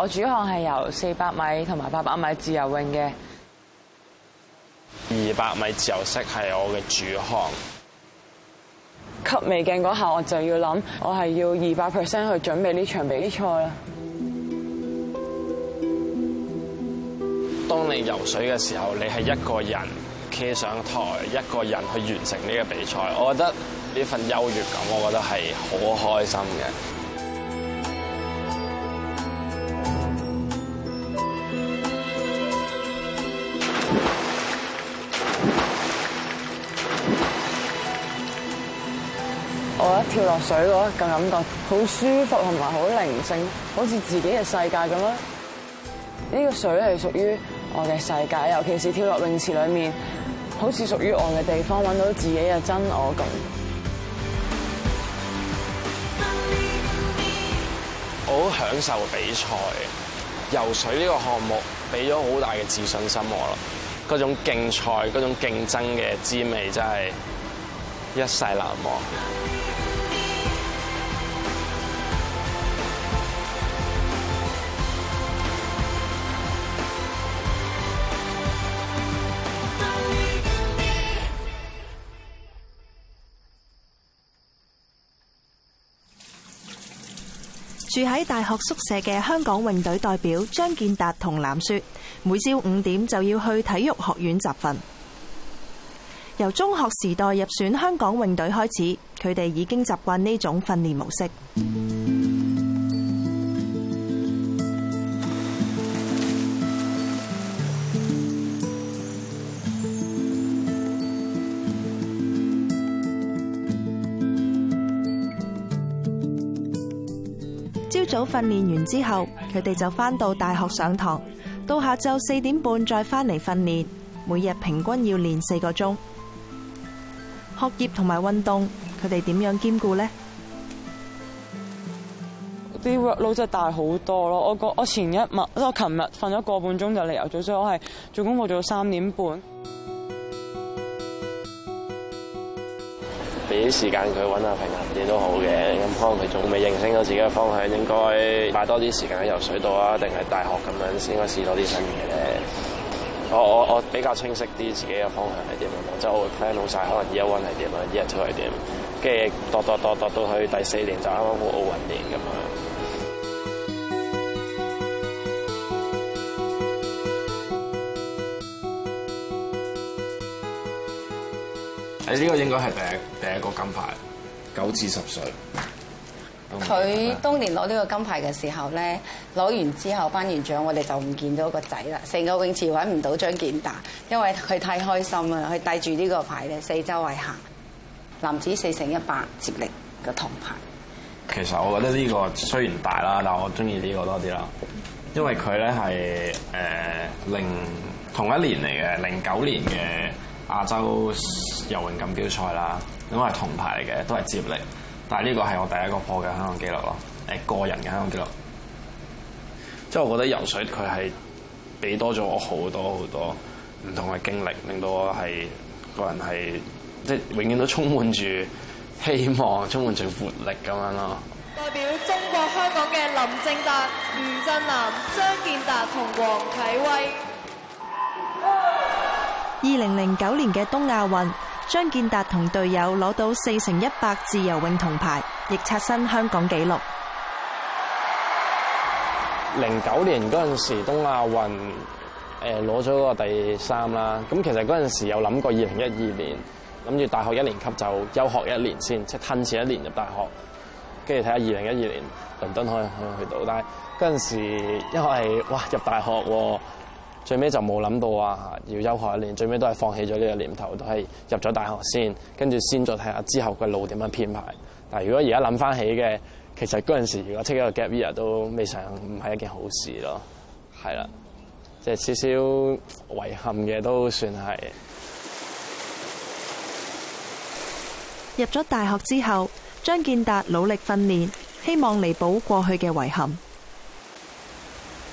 我主項係由四百米同埋八百米自由泳嘅，二百米自由式係我嘅主項。吸微鏡嗰下我就要諗，我係要二百 percent 去準備呢場比賽啦。當你游水嘅時候，你係一個人企上台，一個人去完成呢個比賽。我覺得呢份優越感，我覺得係好開心嘅。跳落水嗰個感覺好舒服，同埋好寧靜，好似自己嘅世界咁。呢個水係屬於我嘅世界，尤其是跳落泳池裏面，好似屬於我嘅地方，揾到自己嘅真我咁。我好享受比賽，游水呢個項目俾咗好大嘅自信心我啦。嗰種競賽、嗰種競爭嘅滋味真係一世難忘。住喺大學宿舍嘅香港泳隊代表張健達同藍雪每朝五點就要去體育學院集訓。由中學時代入選香港泳隊開始，佢哋已經習慣呢種訓練模式。早訓練完之後，佢哋就翻到大學上堂，到下晝四點半再翻嚟訓練，每日平均要練四個鐘，學業同埋運動，佢哋點樣兼顧呢？啲 workload 真係大好多咯！我我前一晚，我琴日瞓咗個半鐘就嚟游咗，所以我係做功課做到三點半。俾啲時間佢揾下平衡啲都好嘅，咁可能佢仲未認識到自己嘅方向，應該擺多啲時間喺游水度啊，定係大學咁樣先應該試多啲新嘅。我我我比較清晰啲自己嘅方向係點樣，即係我會 plan 好晒，可能 year one 係點樣，year two 係點，跟住度度度到去第四年就啱啱好奧運年咁樣。誒呢個應該係第一第一個金牌，九至十歲。佢當年攞呢個金牌嘅時候咧，攞完之後頒完獎，我哋就唔見到個仔啦。成個泳池揾唔到張健達，因為佢太開心啦，佢帶住呢個牌咧，四周圍行。男子四乘一百接力個銅牌。其實我覺得呢個雖然大啦，但係我中意呢個多啲啦，因為佢咧係誒零同一年嚟嘅，零九年嘅。亞洲游泳錦標賽啦，咁係銅牌嚟嘅，都係接力。但係呢個係我第一個破嘅香港紀錄咯，誒個人嘅香港紀錄。即係我覺得游水佢係俾多咗我好多好多唔同嘅經歷，令到我係個人係即係永遠都充滿住希望，充滿住活力咁樣咯。代表中國香港嘅林正達、吳振南、張健達同黃啟威。二零零九年嘅東亞運，張健達同隊友攞到四乘一百自由泳銅牌，亦刷新香港紀錄。零九年嗰陣時東亞運，誒攞咗個第三啦。咁其實嗰陣時有諗過二零一二年，諗住大學一年級就休學一年先，即係推遲一年入大學，跟住睇下二零一二年倫敦可唔可以去到。但係嗰陣時因為哇入大學。最尾就冇諗到啊，要休學一年，最尾都係放棄咗呢個念頭，都係入咗大學先，跟住先再睇下之後嘅路點樣編排。但係如果而家諗翻起嘅，其實嗰陣時如果 take 一個 gap year 都未嘗唔係一件好事咯。係啦，即係少少遺憾嘅都算係。入咗大學之後，張健達努力訓練，希望彌補過去嘅遺憾。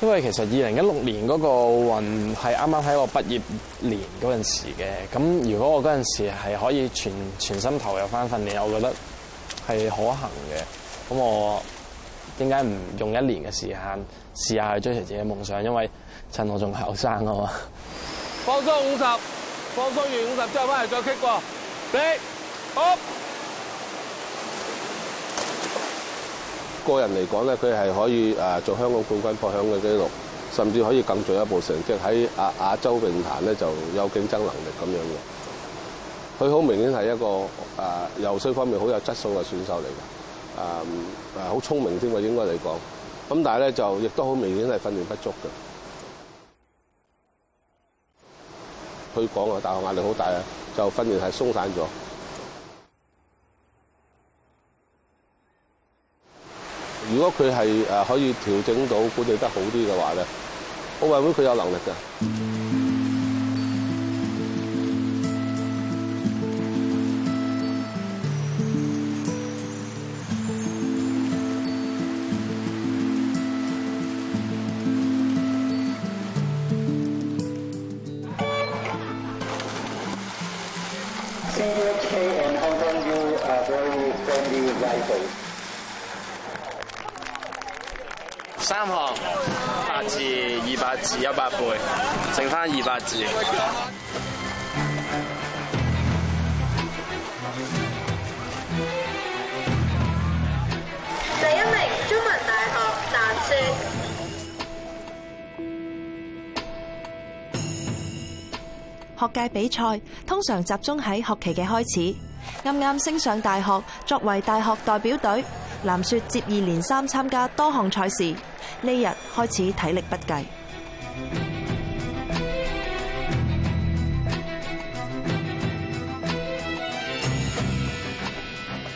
因為其實二零一六年嗰個奧運係啱啱喺我畢業年嗰陣時嘅，咁如果我嗰陣時係可以全全心投入翻訓練，我覺得係可行嘅。咁我點解唔用一年嘅時間試下去追隨自己嘅夢想？因為趁我仲後生啊嘛。放鬆五十，放鬆完五十之後翻嚟再激過。四，好。個人嚟講咧，佢係可以誒做香港冠軍、破香港嘅記錄，甚至可以更進一步，成績喺亞亞洲泳壇咧就有競爭能力咁樣嘅。佢好明顯係一個誒、呃、游水方面好有質素嘅選手嚟嘅，誒誒好聰明添喎應該嚟講。咁但係咧就亦都好明顯係訓練不足嘅。佢講啊，大學壓力好大啊，就訓練係鬆散咗。如果佢係誒可以調整到管理得好啲嘅話咧，奧運會佢有能力㗎。字一百倍，剩返二百字。第一名，中文大學藍雪。學界比賽通常集中喺學期嘅開始。啱啱升上大學，作為大學代表隊，藍雪接二連三參加多項賽事，呢日開始體力不繼。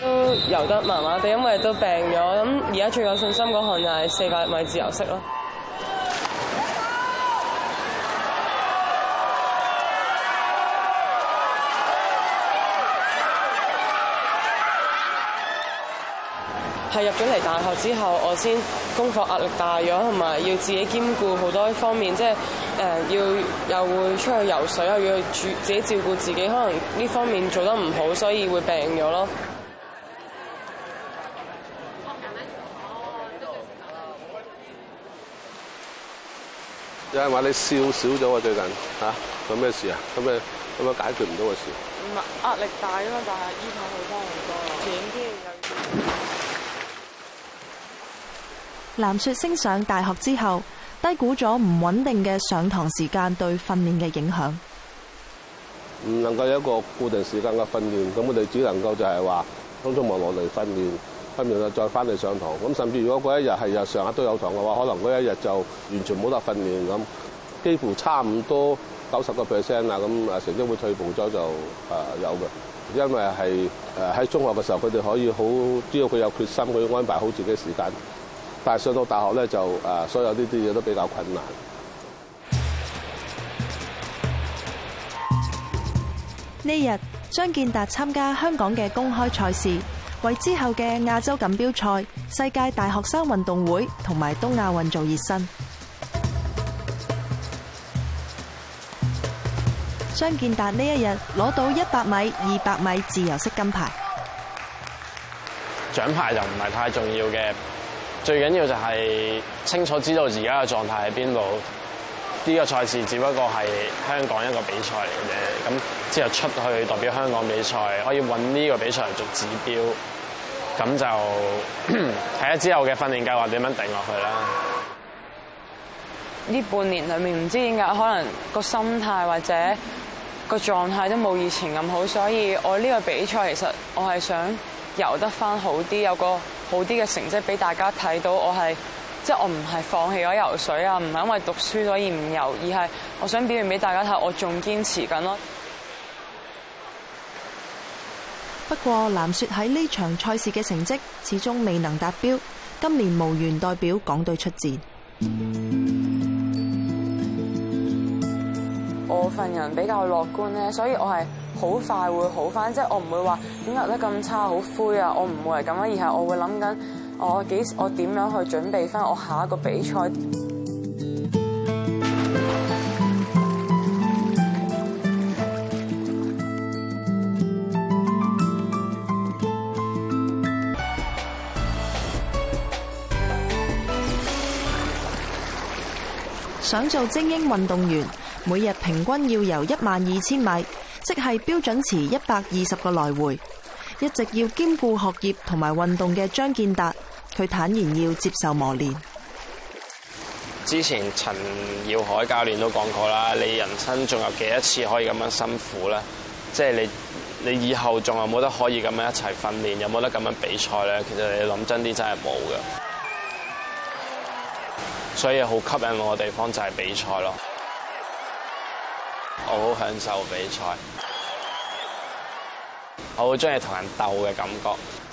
都游得麻麻哋，因為都病咗。咁而家最有信心嗰項就係四百米自由式咯。係入咗嚟大學之後，我先功課壓力大咗，同埋要自己兼顧好多方面，即係要又會出去游水啊，又要去住自己照顧自己，可能呢方面做得唔好，所以會病咗咯。有人話你笑少咗啊？最近嚇有咩事啊？有咩解決唔到嘅事？唔係壓力大啊嘛，但係依家好多好多啲藍雪升上大學之後，低估咗唔穩定嘅上堂時間對訓練嘅影響，唔能夠有一個固定時間嘅訓練，咁我哋只能夠就係話匆匆忙忙嚟訓練，訓練又再翻嚟上堂。咁甚至如果嗰一日係日日上下都有堂嘅話，可能嗰一日就完全冇得訓練咁，幾乎差唔多九十個 percent 啦。咁啊，成績會退步咗就啊有嘅，因為係誒喺中學嘅時候，佢哋可以好，只要佢有決心，佢安排好自己嘅時間。但係上到大學咧，就誒所有呢啲嘢都比較困難。呢日張健達參加香港嘅公開賽事，為之後嘅亞洲錦標賽、世界大學生運動會同埋東亞運做熱身。張健達呢一日攞到一百米、二百米自由式金牌。獎牌就唔係太重要嘅。最緊要就係清楚知道自己而家嘅狀態喺邊度？呢個賽事只不過係香港一個比賽嚟嘅啫。咁之後出去代表香港比賽，可以揾呢個比賽嚟做指標。咁就睇下之後嘅訓練計劃點樣定落去啦。呢半年裡面唔知點解，可能個心態或者個狀態都冇以前咁好，所以我呢個比賽其實我係想游得翻好啲，有個。好啲嘅成績俾大家睇到我，就是、我係即係我唔係放棄咗游水啊，唔係因為讀書所以唔游，而係我想表現俾大家睇，我仲堅持緊咯。不過，藍雪喺呢場賽事嘅成績始終未能達標，今年無緣代表港隊出戰。我份人比較樂觀咧，所以我係好快會好翻，即係我唔會話點解得咁差，好灰啊！我唔會係咁啊，而係我會諗緊我幾我點樣去準備翻我下一個比賽，想做精英運動員。每日平均要游一萬二千米，即係標準池一百二十個來回。一直要兼顧學業同埋運動嘅張健達，佢坦言要接受磨練。之前陳耀海教練都講過啦，你人生仲有幾多次可以咁樣辛苦咧？即係你你以後仲有冇得可以咁樣一齊訓練，有冇得咁樣比賽咧？其實你諗真啲真係冇嘅，所以好吸引我嘅地方就係比賽咯。我好享受比賽，我好鍾意同人鬥嘅感覺。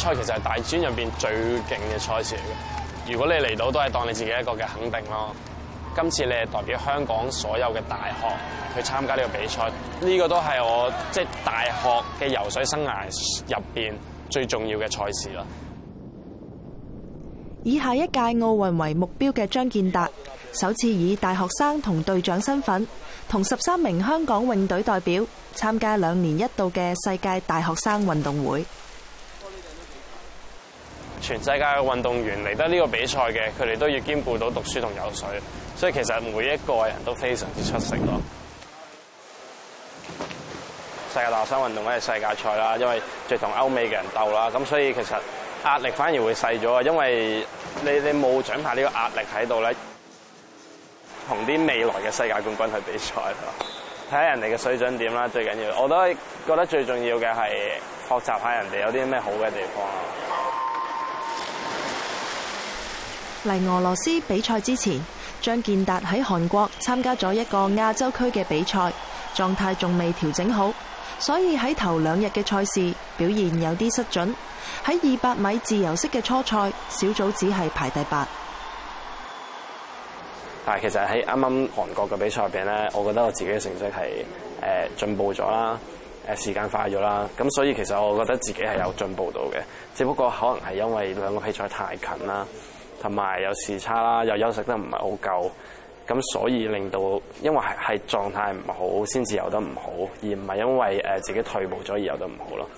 賽其實係大專入邊最勁嘅賽事嚟嘅，如果你嚟到都係當你自己一個嘅肯定咯。今次你係代表香港所有嘅大學去參加呢個比賽，呢個都係我即係大學嘅游水生涯入邊最重要嘅賽事啦。以下一屆奧運為目標嘅張健達，首次以大學生同隊長身份，同十三名香港泳隊代表參加兩年一度嘅世界大學生運動會。全世界嘅運動員嚟得呢個比賽嘅，佢哋都要兼顧到讀書同游水，所以其實每一個人都非常之出色咯。世界大學生運動會係世界賽啦，因為最同歐美嘅人鬥啦，咁所以其實壓力反而會細咗，因為你你冇獎牌呢個壓力喺度咧，同啲未來嘅世界冠軍去比賽，睇下人哋嘅水準點啦，最緊要我都覺得最重要嘅係學習下人哋有啲咩好嘅地方啊。嚟俄羅斯比賽之前，張健達喺韓國參加咗一個亞洲區嘅比賽，狀態仲未調整好，所以喺頭兩日嘅賽事表現有啲失準。喺二百米自由式嘅初賽，小組只係排第八。但其實喺啱啱韓國嘅比賽入邊咧，我覺得我自己嘅成績係誒進步咗啦，誒時間快咗啦，咁所以其實我覺得自己係有進步到嘅，只不過可能係因為兩個比賽太近啦。同埋有時差啦，又休息得唔係好夠，咁所以令到因為係狀態唔好，先至游得唔好，而唔係因為誒自己退步咗而游得唔好咯。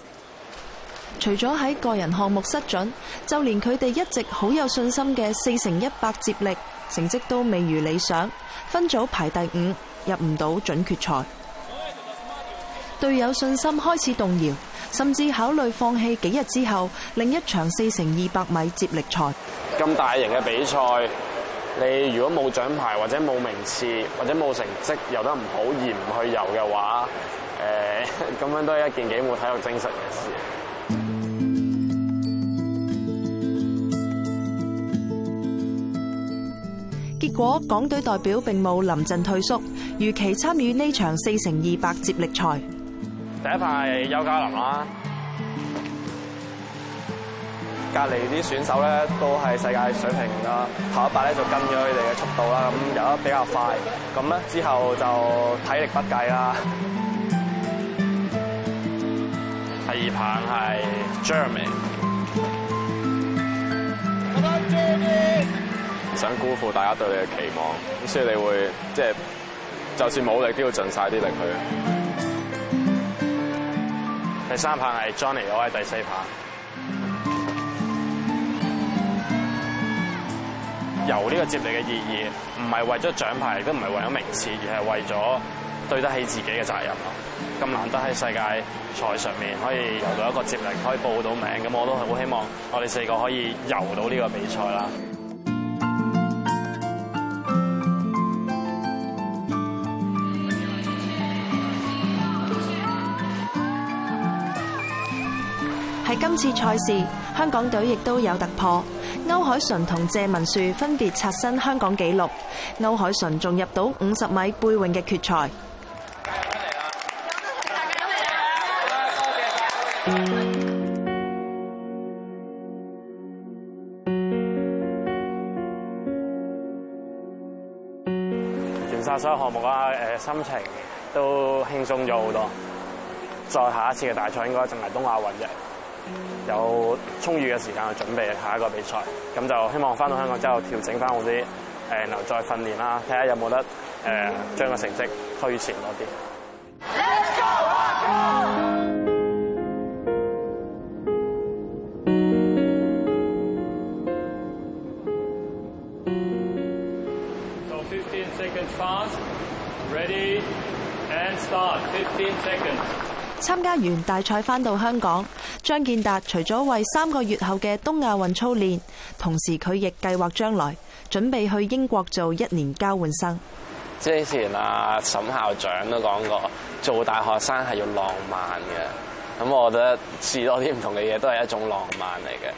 除咗喺個人項目失準，就連佢哋一直好有信心嘅四乘一百接力成績都未如理想，分組排第五，入唔到準決賽。隊友信心開始動搖，甚至考慮放棄。幾日之後，另一場四乘二百米接力賽咁大型嘅比賽，你如果冇獎牌或者冇名次或者冇成績游得唔好而唔去游嘅話，誒，咁樣都係一件幾冇體育精神嘅事。結果，港隊代表並冇臨陣退縮，如期參與呢場四乘二百接力賽。第一排係邱家林啦，隔籬啲選手咧都係世界水平啦，跑一排咧就跟咗佢哋嘅速度啦，咁游得比較快，咁咧之後就體力不計啦。第二棒係 Jeremy，想辜負大家對你嘅期望，咁所以你會即係、就是，就算冇力都要盡晒啲力去。第三棒係 Johnny，我係第四棒。游呢個接力嘅意義唔係為咗獎牌，亦都唔係為咗名次，而係為咗對得起自己嘅責任咯。咁難得喺世界賽上面可以游到一個接力，可以報到名，咁我都好希望我哋四個可以游到呢個比賽啦。今次賽事，香港隊亦都有突破。歐海純同謝文樹分別刷新香港紀錄，歐海純仲入到五十米背泳嘅決賽。完晒所有項目啊，心情都輕鬆咗好多。再下一次嘅大賽應該就係東亞運啫。有充裕嘅時間去準備下一個比賽，咁就希望翻到香港之後調整翻好啲，誒，然後再訓練啦，睇下有冇得誒將個成績推前多啲。So fifteen seconds fast, ready and start, fifteen seconds. 參加完大賽返到香港，張健達除咗為三個月後嘅東亞運操練，同時佢亦計劃將來準備去英國做一年交換生。之前啊，沈校長都講過，做大學生係要浪漫嘅，咁我覺得試多啲唔同嘅嘢都係一種浪漫嚟嘅。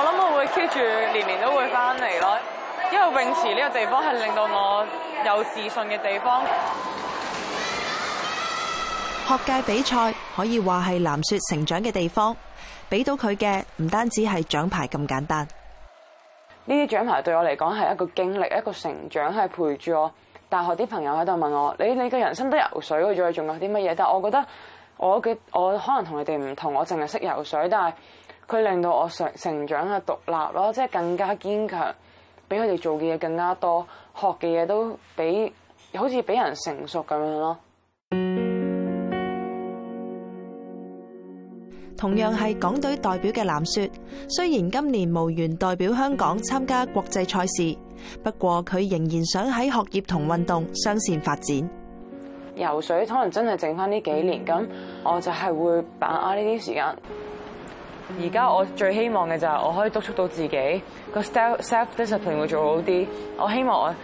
我諗我會 keep 住年年都會翻嚟咯，因為泳池呢個地方係令到我有自信嘅地方。學界比賽可以話係藍雪成長嘅地方，俾到佢嘅唔單止係獎牌咁簡單。呢啲獎牌對我嚟講係一個經歷，一個成長，係陪住我。大學啲朋友喺度問我：你你嘅人生都游水去咗，仲有啲乜嘢？但係我覺得我嘅我可能同你哋唔同，我淨係識游水，但係。佢令到我成成長嘅獨立咯，即係更加堅強，比佢哋做嘅嘢更加多，學嘅嘢都比好似比人成熟咁樣咯。同樣係港隊代表嘅藍雪，雖然今年無緣代表香港參加國際賽事，不過佢仍然想喺學業同運動雙線發展。游水可能真係剩翻呢幾年咁，我就係會把握呢啲時間。而家我最希望嘅就係我可以督促到自己個 self self discipline 會做好啲。我希望我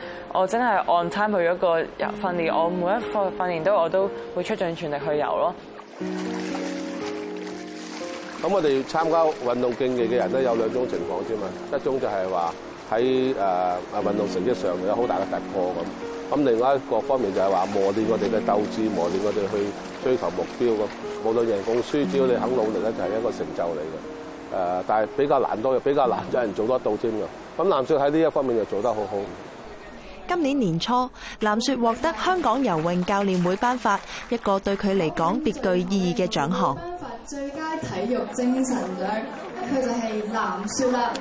我真係 on time 去一個遊訓練，我每一課訓練都我都會出盡全力去遊咯。咁我哋參加運動競技嘅人咧，有兩種情況啫嘛。一種就係話喺誒誒運動成績上有好大嘅突破咁。咁另外一個方面就係話磨鍊我哋嘅鬥志，磨鍊我哋去追求目標。個冇論贏共輸，只要你肯努力咧，就係一個成就嚟嘅。誒，但係比較難多，比較難有人做得到添㗎。咁藍雪喺呢一方面就做得好好。今年年初，藍雪獲得香港游泳教練會頒發一個對佢嚟講別具意義嘅獎項，最佳體育精神獎，佢就係藍雪啦。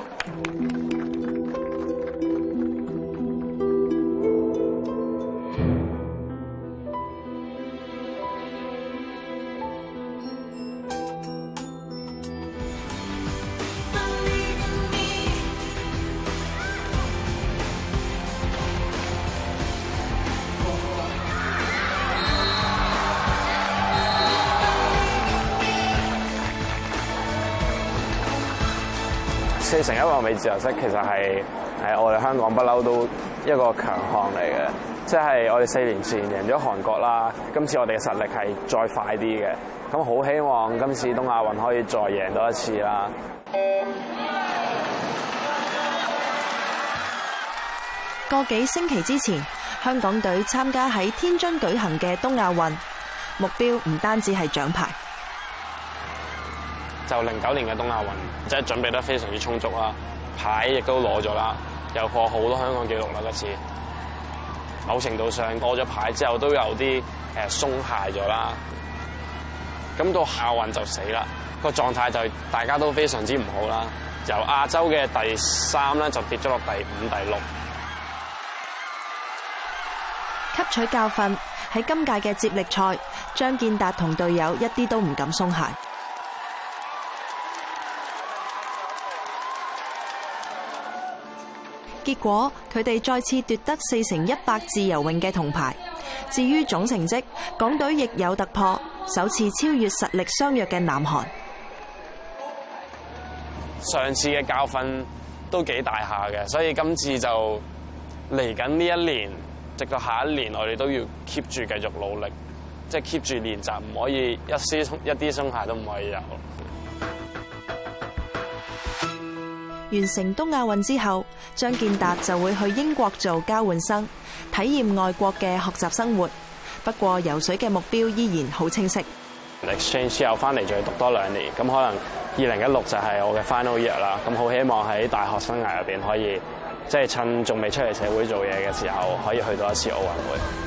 成一百米自由式其實係我哋香港不嬲都一個強項嚟嘅，即係我哋四年前贏咗韓國啦。今次我哋嘅實力係再快啲嘅，咁好希望今次東亞運可以再贏多一次啦。個幾星期之前，香港隊參加喺天津舉行嘅東亞運，目標唔單止係獎牌。就零九年嘅東亞運，即係準備得非常之充足啦，牌亦都攞咗啦，又破好多香港紀錄啦嗰次。某程度上過咗牌之後都有啲誒鬆懈咗啦，咁到亞運就死啦，個狀態就大家都非常之唔好啦，由亞洲嘅第三咧就跌咗落第五、第六。吸取教訓喺今屆嘅接力賽，張健達同隊友一啲都唔敢鬆懈。結果佢哋再次奪得四乘一百自由泳嘅銅牌。至於總成績，港隊亦有突破，首次超越實力相若嘅南韓。上次嘅教訓都幾大下嘅，所以今次就嚟緊呢一年，直到下一年，我哋都要 keep 住繼續努力，即係 keep 住練習，唔可以一絲鬆一啲鬆懈都唔可以有。完成東亞運之後。張健達就會去英國做交換生，體驗外國嘅學習生活。不過游水嘅目標依然好清晰。exchange 之後翻嚟，再讀多兩年，咁可能二零一六就係我嘅 final year 啦。咁好希望喺大學生涯入邊可以，即係趁仲未出嚟社會做嘢嘅時候，可以去到一次奧運會。